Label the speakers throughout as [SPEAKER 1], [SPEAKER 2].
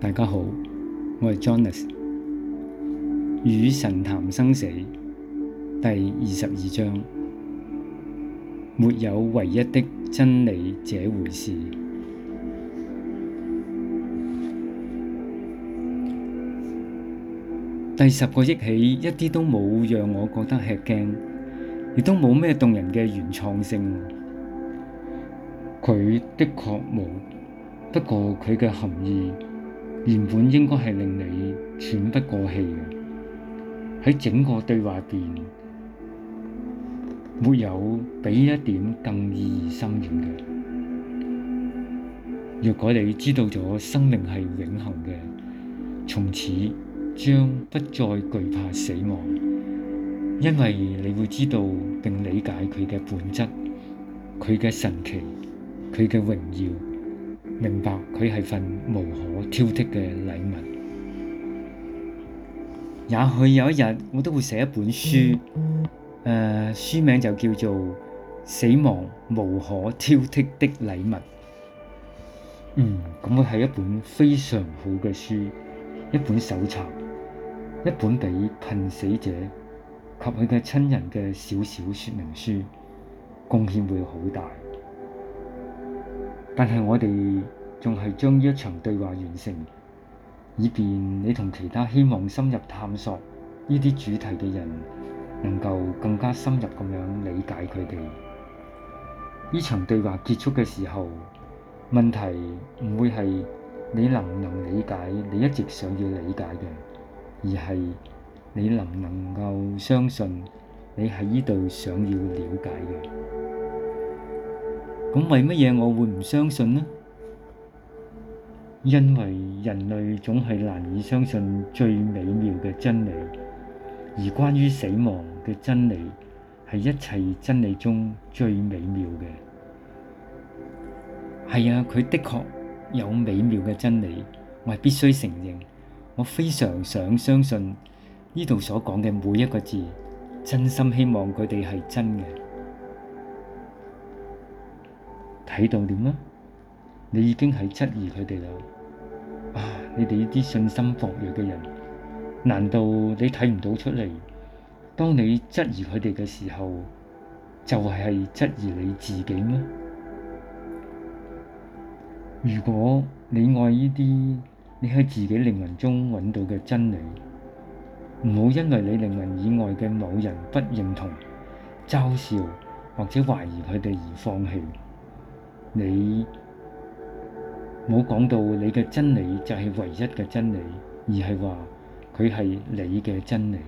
[SPEAKER 1] 大家好，我係 Jonas，與神談生死第二十二章，沒有唯一的真理這回事。第十個憶起一啲都冇讓我覺得吃驚，亦都冇咩動人嘅原創性。佢的確冇，不過佢嘅含義。原本應該係令你喘不過氣嘅，喺整個對話入邊，沒有比呢一點更意義深遠嘅。若果你知道咗生命係永恆嘅，從此將不再懼怕死亡，因為你會知道並理解佢嘅本質、佢嘅神奇、佢嘅榮耀。明白佢係份無可挑剔嘅禮物。 也許有一日我都會寫一本書，誒、 呃、書名就叫做《死亡無可挑剔的禮物》。嗯，咁佢係一本非常好嘅書，一本手冊，一本俾瀕死者及佢嘅親人嘅小小說明書，貢獻會好大。但係我哋仲係將呢一場對話完成，以便你同其他希望深入探索呢啲主題嘅人，能夠更加深入咁樣理解佢哋。呢場對話結束嘅時候，問題唔會係你能唔能理解你一直想要理解嘅，而係你能唔能夠相信你喺呢度想要了解嘅。咁為乜嘢，我會唔相信呢？因為人類總係難以相信最美妙嘅真理，而關於死亡嘅真理，係一切真理中最美妙嘅。係啊，佢的確有美妙嘅真理，我係必須承認。我非常想相信呢度所講嘅每一個字，真心希望佢哋係真嘅。睇到點啦？你已經係質疑佢哋啦。啊，你哋呢啲信心薄弱嘅人，難道你睇唔到出嚟？當你質疑佢哋嘅時候，就係係質疑你自己咩？如果你愛呢啲，你喺自己靈魂中揾到嘅真理，唔好因為你靈魂以外嘅某人不認同、嘲笑或者懷疑佢哋而放棄。你冇講到你嘅真理就係唯一嘅真理，而係話佢係你嘅真理，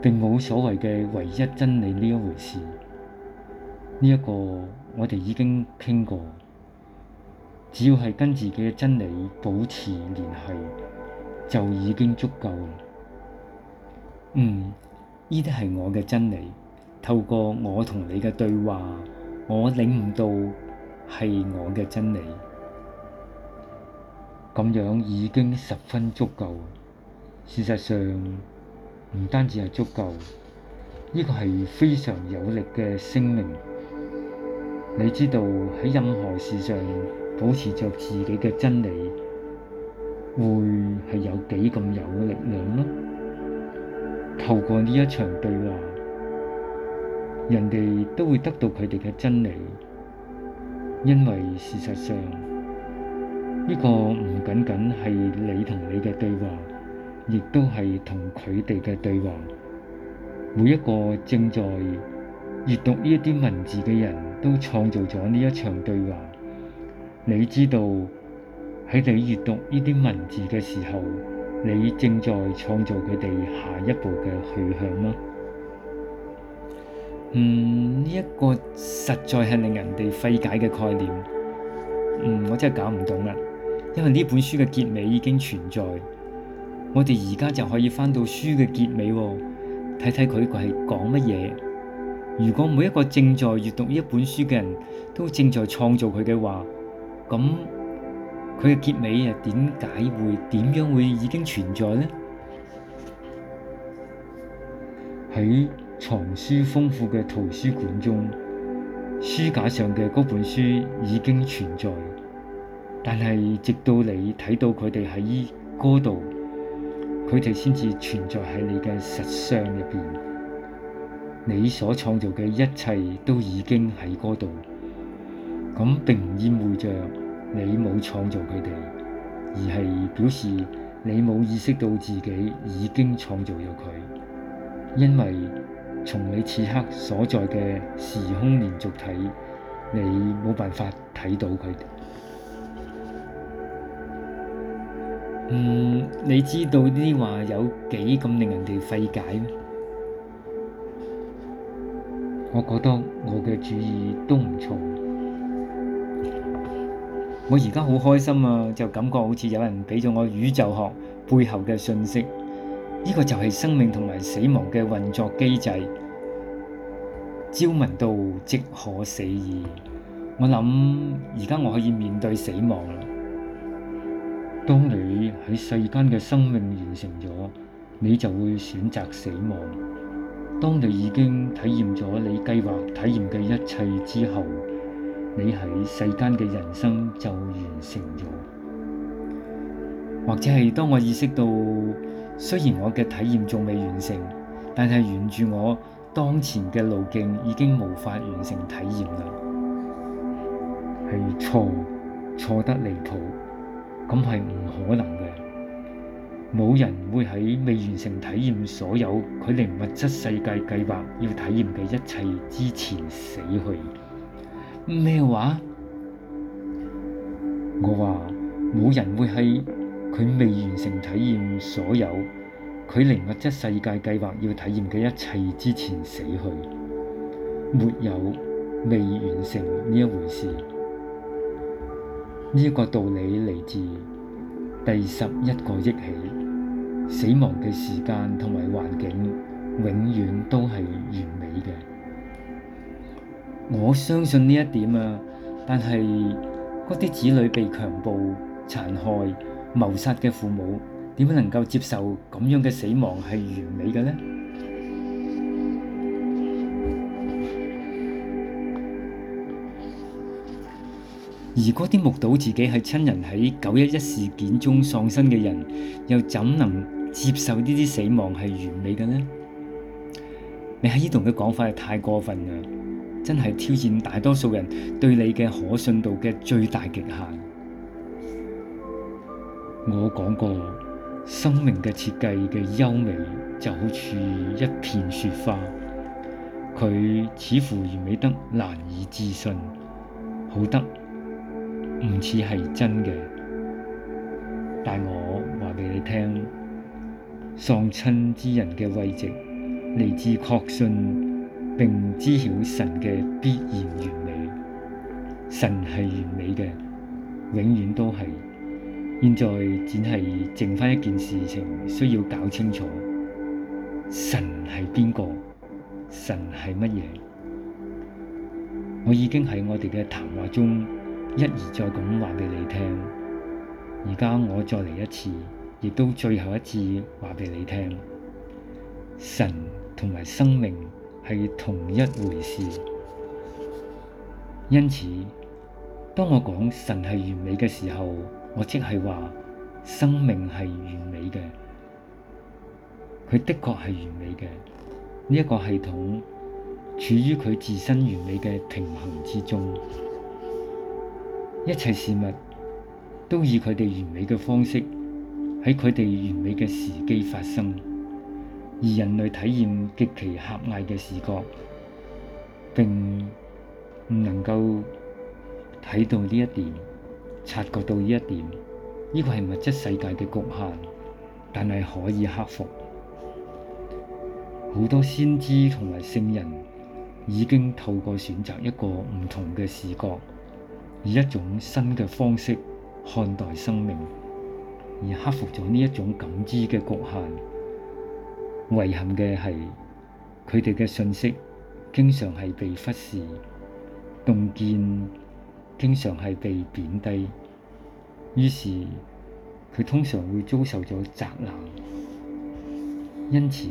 [SPEAKER 1] 並冇所謂嘅唯一真理呢一回事。呢、這、一個我哋已經傾過，只要係跟自己嘅真理保持聯繫，就已經足夠。嗯，呢啲係我嘅真理，透過我同你嘅對話。我領悟到係我嘅真理，咁樣已經十分足夠。事實上唔單止係足夠，呢個係非常有力嘅聲明。你知道喺任何事上保持着自己嘅真理，會係有幾咁有力量嗎？透過呢一場對話。人哋都會得到佢哋嘅真理，因為事實上呢個唔僅僅係你同你嘅對話，亦都係同佢哋嘅對話。每一個正在閱讀呢啲文字嘅人都創造咗呢一場對話。你知道喺你閱讀呢啲文字嘅時候，你正在創造佢哋下一步嘅去向嗎？嗯，呢、這、一個實在係令人哋費解嘅概念。嗯，我真係搞唔懂啦。因為呢本書嘅結尾已經存在，我哋而家就可以翻到書嘅結尾，睇睇佢佢係講乜嘢。如果每一個正在閱讀呢一本書嘅人都正在創造佢嘅話，咁佢嘅結尾又點解會點樣會已經存在呢？喺、哎藏書豐富嘅圖書館中，書架上嘅嗰本書已經存在，但係直到你睇到佢哋喺嗰度，佢哋先至存在喺你嘅實相入邊。你所創造嘅一切都已經喺嗰度，咁並唔意味着你冇創造佢哋，而係表示你冇意識到自己已經創造咗佢，因為。從你此刻所在嘅時空連續體，你冇辦法睇到佢。嗯，你知道呢啲話有幾咁令人哋費解？我覺得我嘅主意都唔錯。我而家好開心啊，就感覺好似有人畀咗我宇宙學背後嘅信息。呢個就係生命同埋死亡嘅運作機制，朝聞道，即可死矣。我諗而家我可以面對死亡啦。當你喺世間嘅生命完成咗，你就會選擇死亡。當你已經體驗咗你計劃體驗嘅一切之後，你喺世間嘅人生就完成咗。或者係當我意識到，雖然我嘅體驗仲未完成，但係沿住我當前嘅路徑已經無法完成體驗啦，係錯，錯得離譜，咁係唔可能嘅。冇人會喺未完成體驗所有佢哋嚟物質世界計劃要體驗嘅一切之前死去。咩話麼？我話冇人會喺。佢未完成體驗所有佢靈物質世界計劃要體驗嘅一切之前死去，沒有未完成呢一回事。呢、這個道理嚟自第十一個億起，死亡嘅時間同埋環境永遠都係完美嘅。我相信呢一點啊，但係嗰啲子女被強暴殘害謀殺嘅父母點樣能夠接受咁樣嘅死亡係完美嘅呢？而嗰啲目睹自己係親人喺九一一事件中喪生嘅人，又怎能接受呢啲死亡係完美嘅呢？你喺呢度嘅講法係太過分啦，真係挑戰大多數人對你嘅可信度嘅最大極限。我講過，生命嘅設計嘅優美就好似一片雪花，佢似乎完美得難以置信，好得唔似係真嘅。但我話畀你聽，喪親之人嘅慰藉嚟自確信並知曉神嘅必然完美，神係完美嘅，永遠都係。現在只係剩返一件事情需要搞清楚，神係邊個？神係乜嘢？我已經喺我哋嘅談話中一而再咁話畀你聽，而家我再嚟一次，亦都最後一次話畀你聽。神同埋生命係同一回事，因此當我講神係完美嘅時候，我即係話，生命係完美嘅，佢的確係完美嘅。呢一個系統處於佢自身完美嘅平衡之中，一切事物都以佢哋完美嘅方式喺佢哋完美嘅時機發生，而人類體驗極其狹隘嘅視角，並唔能夠睇到呢一點。察覺到呢一點，呢個係物質世界嘅局限，但係可以克服。好多先知同埋聖人已經透過選擇一個唔同嘅視角，以一種新嘅方式看待生命，而克服咗呢一種感知嘅局限。遺憾嘅係，佢哋嘅信息經常係被忽視，洞見，經常係被貶低，於是佢通常會遭受咗責難。因此，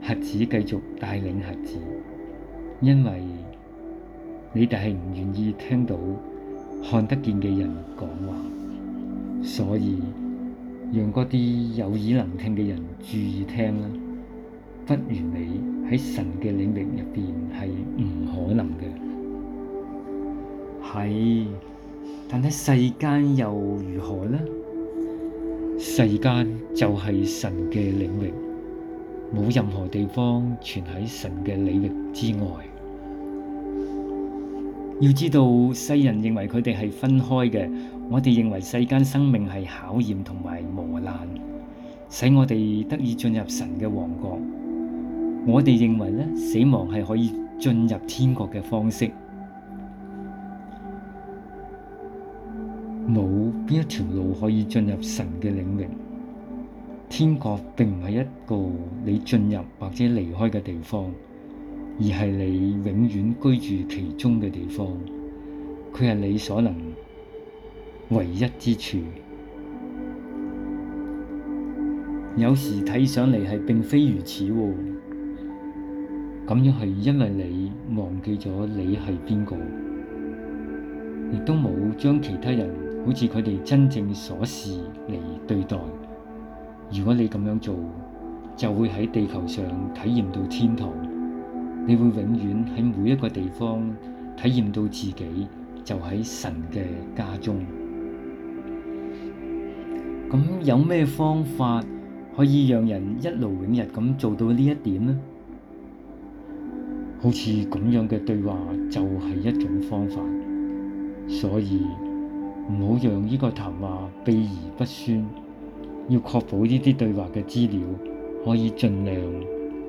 [SPEAKER 1] 瞎子繼續帶領瞎子，因為你哋係唔願意聽到看得見嘅人講話，所以讓嗰啲有耳能聽嘅人注意聽啦。不完美喺神嘅領域入邊係唔可能嘅。係，但係世間又如何呢？世間就係神嘅領域，冇任何地方存喺神嘅領域之外。要知道，世人認為佢哋係分開嘅，我哋認為世間生命係考驗同埋磨難，使我哋得以進入神嘅王國。我哋認為咧，死亡係可以進入天國嘅方式。呢一條路可以進入神嘅領域，天國並唔係一個你進入或者離開嘅地方，而係你永遠居住其中嘅地方。佢係你所能唯一之處。有時睇上嚟係並非如此喎，咁樣係因為你忘記咗你係邊個，亦都冇將其他人。好似佢哋真正所示嚟對待。如果你咁樣做，就會喺地球上體驗到天堂。你會永遠喺每一個地方體驗到自己就喺神嘅家中。咁有咩方法可以讓人一勞永逸咁做到呢一點呢？好似咁樣嘅對話就係一種方法。所以唔好讓呢個談話秘而不宣，要確保呢啲對話嘅資料可以盡量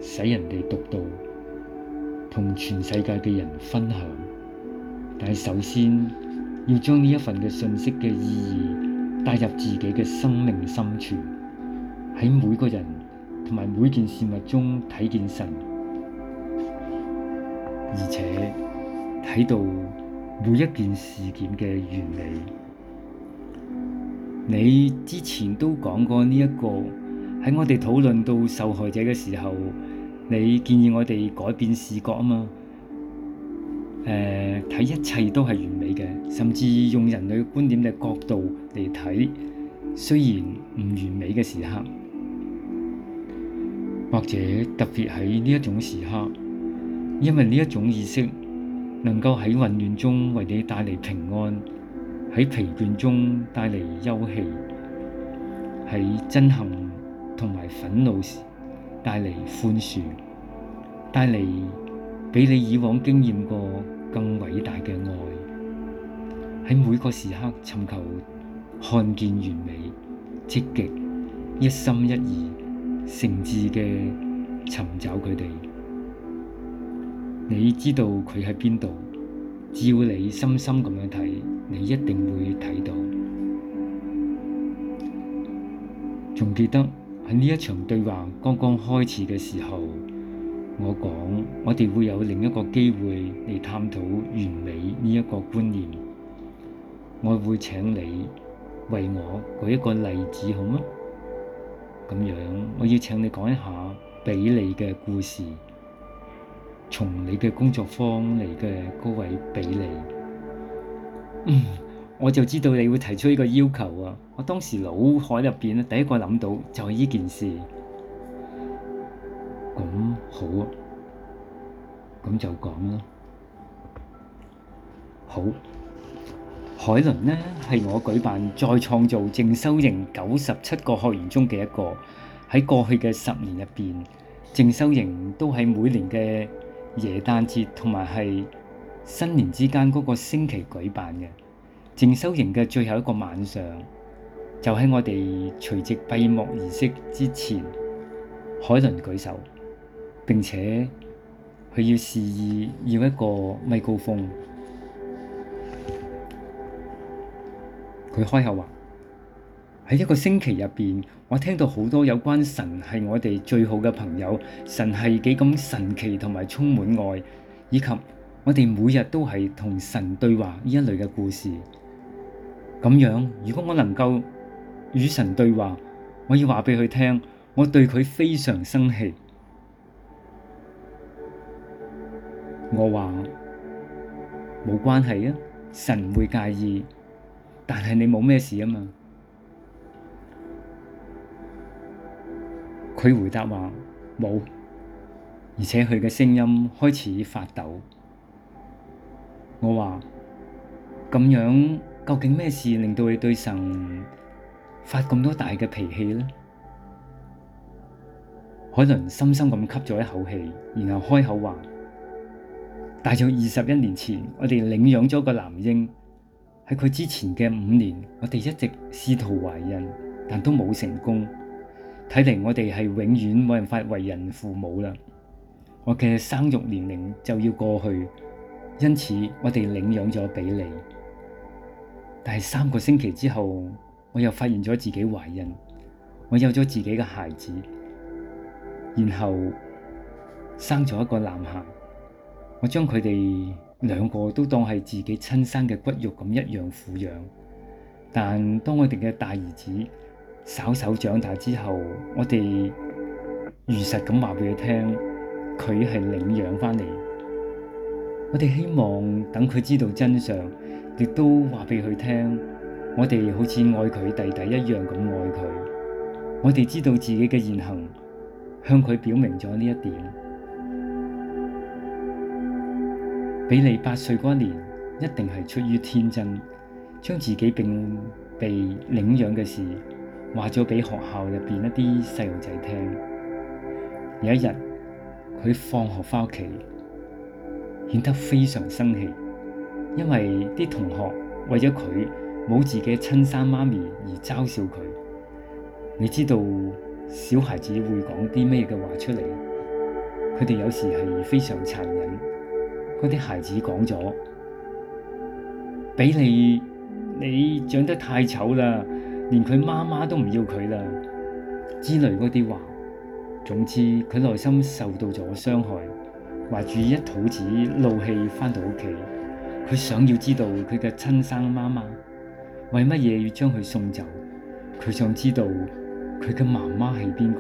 [SPEAKER 1] 使人哋讀到，同全世界嘅人分享。但係首先要將呢一份嘅信息嘅意義帶入自己嘅生命深處，喺每個人同埋每件事物中睇見神，而且睇到每一件事件嘅完美。你之前都講過呢、這、一個喺我哋討論到受害者嘅時候，你建議我哋改變視覺啊嘛？誒、呃，睇一切都係完美嘅，甚至用人類嘅觀點嘅角度嚟睇，雖然唔完美嘅時刻，或者特別喺呢一種時刻，因為呢一種意識能夠喺混亂中為你帶嚟平安。喺疲倦中帶嚟休息；喺憎恨同埋憤怒時帶嚟寬恕；帶嚟比你以往經驗過更偉大嘅愛。喺每個時刻尋求看見完美、積極、一心一意、誠摯嘅尋找佢哋。你知道佢喺邊度？只要你深深咁樣睇。你一定會睇到。仲記得喺呢一場對話剛剛開始嘅時候，我講我哋會有另一個機會嚟探討完美呢一個觀念。我會請你為我舉一個例子，好嗎？咁樣，我要請你講一下比利嘅故事，從你嘅工作坊嚟嘅嗰位比利。我就知道你會提出呢個要求啊！我當時腦海入邊呢，第一個諗到就係呢件事。咁好啊，咁就講啦。好，海倫呢係我舉辦再創造靜修營九十七個學員中嘅一個。喺過去嘅十年入邊，靜修營都係每年嘅耶誕節同埋係新年之間嗰個星期舉辦嘅靜修營嘅最後一個晚上，就喺我哋除夕閉幕儀式之前，海倫舉手並且佢要示意要一個咪高峰。佢開口話：喺一個星期入邊，我聽到好多有關神係我哋最好嘅朋友，神係幾咁神奇同埋充滿愛，以及。我哋每日都係同神對話呢一類嘅故事，咁樣。如果我能夠與神對話，我要話畀佢聽，我對佢非常生氣。我話冇關係啊，神唔會介意，但係你冇咩事啊嘛？佢回答話冇，而且佢嘅聲音開始發抖。我話，咁樣，究竟咩事令到你對神發咁多大嘅脾氣呢？」海倫深深咁吸咗一口氣，然後開口話：「大約二十一年前，我哋領養咗個男嬰。喺佢之前嘅五年，我哋一直試圖懷孕，但都冇成功。睇嚟我哋係永遠冇辦法為人父母啦。我嘅生育年齡就要過去。因此，我哋領養咗比利。但係三個星期之後，我又發現咗自己懷孕，我有咗自己嘅孩子，然後生咗一個男孩。我將佢哋兩個都當係自己親生嘅骨肉咁一樣撫養。但當我哋嘅大兒子稍稍長大之後，我哋如實咁話畀佢聽，佢係領養翻嚟。我哋希望等佢知道真相，亦都話畀佢聽，我哋好似愛佢弟弟一樣咁愛佢。我哋知道自己嘅言行，向佢表明咗呢一點。比利八歲嗰年，一定係出於天真，將自己並被領養嘅事話咗畀學校入邊一啲細路仔聽。有一日，佢放學返屋企。顯得非常生氣，因為啲同學為咗佢冇自己親生媽咪而嘲笑佢。你知道小孩子會講啲咩嘅話出嚟？佢哋有時係非常殘忍。嗰啲孩子講咗，俾你你長得太醜啦，連佢媽媽都唔要佢啦，之類嗰啲話，總之，佢內心受到咗傷害。懷住一肚子怒氣，返到屋企，佢想要知道佢嘅親生媽媽為乜嘢要將佢送走，佢想知道佢嘅媽媽係邊個，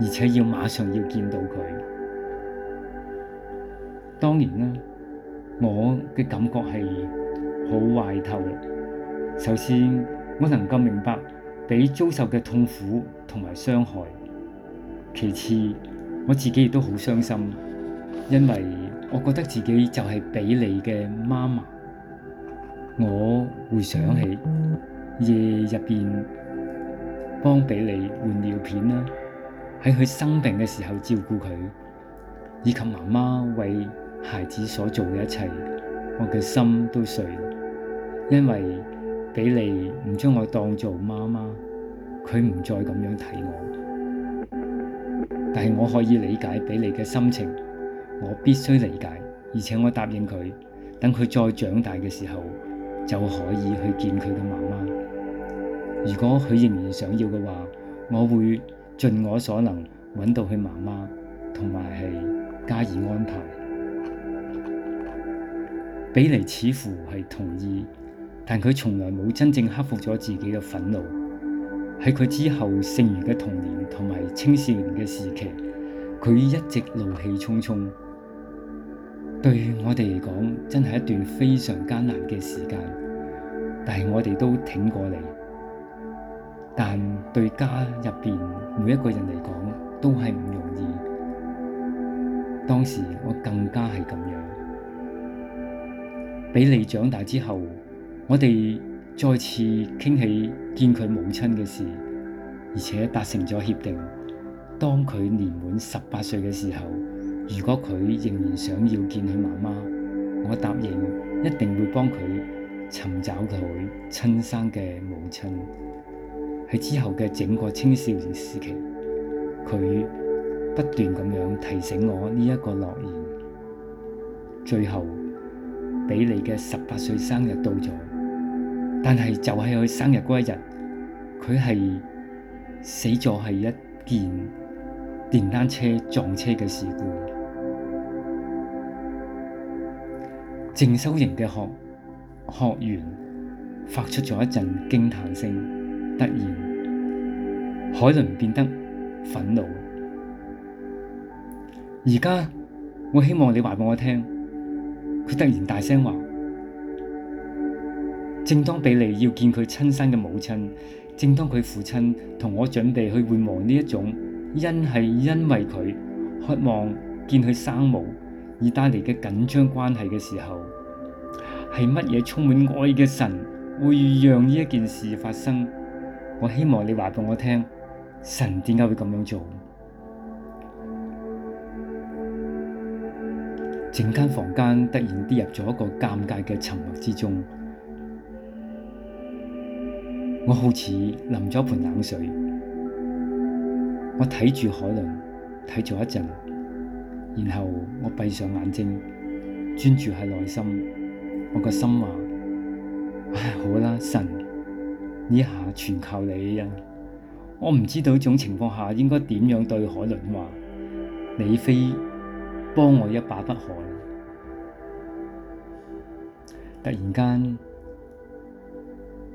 [SPEAKER 1] 而且要馬上要見到佢。當然啦，我嘅感覺係好壞透。首先，我能夠明白俾遭受嘅痛苦同埋傷害；其次，我自己亦都好傷心。因為我覺得自己就係比利嘅媽媽，我會想起夜入面幫比利換尿片啦，喺佢生病嘅時候照顧佢，以及媽媽為孩子所做嘅一切，我嘅心都碎，因為比利唔將我當做媽媽，佢唔再咁樣睇我，但係我可以理解比利嘅心情。我必須理解，而且我答應佢，等佢再長大嘅時候，就可以去見佢嘅媽媽。如果佢仍然想要嘅話，我會盡我所能揾到佢媽媽，同埋係加以安排。比利似乎係同意，但佢從來冇真正克服咗自己嘅憤怒。喺佢之後，剩餘嘅童年同埋青少年嘅時期，佢一直怒氣沖沖。對我哋嚟講，真係一段非常艱難嘅時間，但係我哋都挺過嚟。但對家入邊每一個人嚟講，都係唔容易。當時我更加係咁樣。比利長大之後，我哋再次傾起見佢母親嘅事，而且達成咗協定，當佢年滿十八歲嘅時候。如果佢仍然想要見佢媽媽，我答應一定會幫佢尋找佢親生嘅母親。喺之後嘅整個青少年時期，佢不斷咁樣提醒我呢一個諾言。最後，比利嘅十八歲生日到咗，但係就係佢生日嗰一日，佢係死咗係一件電單車撞車嘅事故。靜修營嘅學學員發出咗一陣驚嘆聲，突然，海倫變得憤怒。而家我希望你話畀我聽，佢突然大聲話：正當比利要見佢親生嘅母親，正當佢父親同我準備去換望呢一種，因係因為佢渴望見佢生母，而帶嚟嘅緊張關係嘅時候，係乜嘢充滿愛嘅神會讓呢一件事發生？我希望你話畀我聽，神點解會咁樣做？整間房間突然跌入咗一個尷尬嘅沉默之中，我好似淋咗盆冷水。我睇住海倫，睇咗一陣。然後我閉上眼睛，專注喺內心，我個心話：唉， 好啦，神，呢下全靠你啊！我唔知道呢種情況下應該點樣對海倫話，你非幫我一把不可。突然間，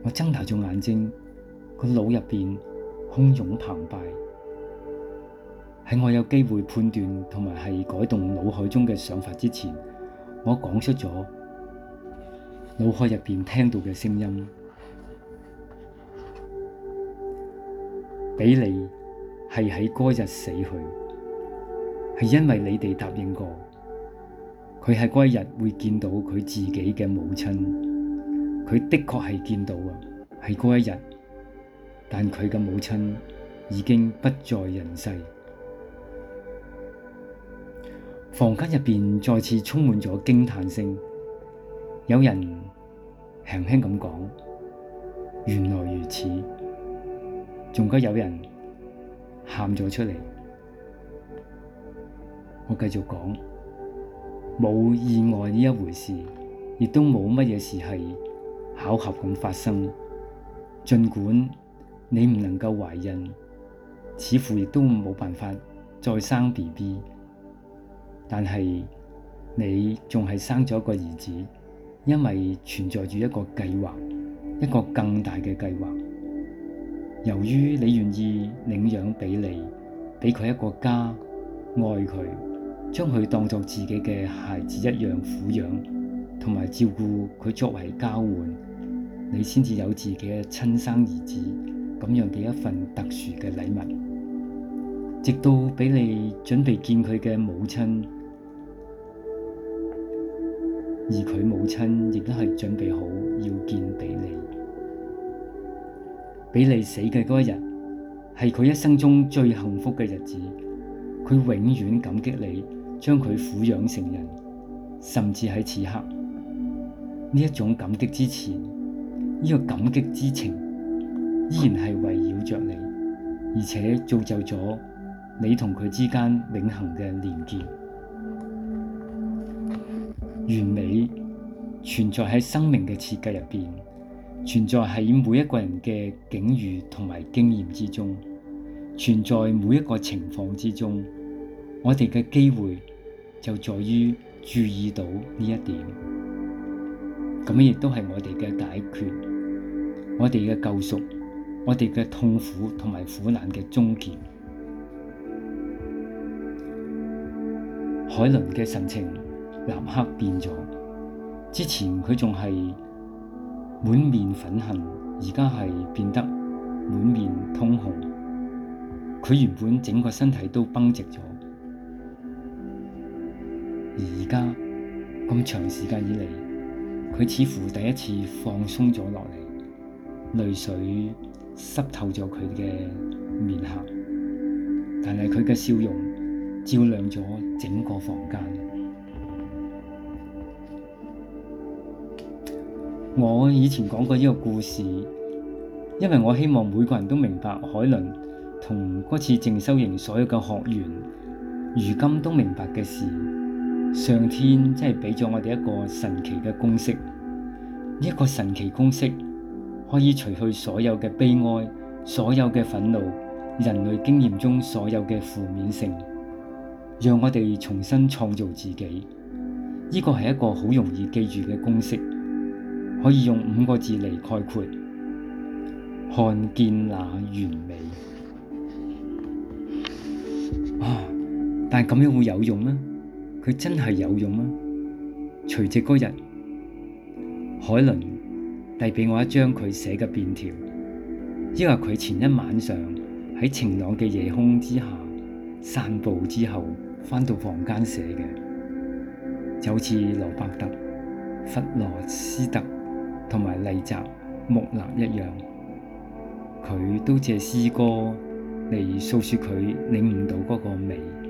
[SPEAKER 1] 我睜大咗眼睛，個腦入邊洶湧澎湃。喺我有機會判斷同埋係改動腦海中嘅想法之前，我講出咗腦海入邊聽到嘅聲音。比利係喺嗰日死去，係因為你哋答應過佢喺嗰一日會見到佢自己嘅母親。佢的確係見到啊，係嗰一日，但佢嘅母親已經不在人世。房間入邊再次充滿咗驚嘆聲，有人輕輕咁講：原來如此。仲加有人喊咗出嚟。我繼續講：冇意外呢一回事，亦都冇乜嘢事係巧合咁發生。盡管你唔能夠懷孕，似乎亦都冇辦法再生 BB。但係你仲係生咗個兒子，因為存在住一個計劃，一個更大嘅計劃。由於你願意領養俾你，畀佢一個家，愛佢，將佢當作自己嘅孩子一樣撫養，同埋照顧佢，作為交換，你先至有自己嘅親生兒子，咁樣嘅一份特殊嘅禮物。直到比利準備見佢嘅母親，而佢母親亦都係準備好要見比利。比利死嘅嗰日，係佢一生中最幸福嘅日子。佢永遠感激你將佢撫養成人，甚至喺此刻，呢一種感激之前，呢、呢個感激之情依然係圍繞着你，而且造就咗。你同佢之間永恒嘅連結，完美存在喺生命嘅設計入邊，存在喺每一個人嘅境遇同埋經驗之中，存在每一個情況之中。我哋嘅機會就在於注意到呢一點，咁亦都係我哋嘅解決，我哋嘅救贖，我哋嘅痛苦同埋苦難嘅終結。海倫嘅神情立刻變咗，之前佢仲係滿面憤恨，而家係變得滿面通紅。佢原本整個身體都繃直咗，而而家咁長時間以嚟，佢似乎第一次放鬆咗落嚟，淚水濕透咗佢嘅面頰，但係佢嘅笑容照亮咗整個房間。我以前講過呢個故事，因為我希望每個人都明白海倫同嗰次靜修營所有嘅學員，如今都明白嘅事。上天真係畀咗我哋一個神奇嘅公式，一個神奇公式可以除去所有嘅悲哀、所有嘅憤怒、人類經驗中所有嘅負面性。讓我哋重新創造自己，呢個係一個好容易記住嘅公式，可以用五個字嚟概括：看見那完美。啊！但係咁樣會有用咩？佢真係有用咩？除夕嗰日，海倫遞畀我一張佢寫嘅便條，因為佢前一晚上喺晴朗嘅夜空之下。散步之後，返到房間寫嘅就好似羅伯特、弗羅斯特同埋麗澤穆勒一樣，佢都借詩歌嚟訴說佢領悟到嗰個美。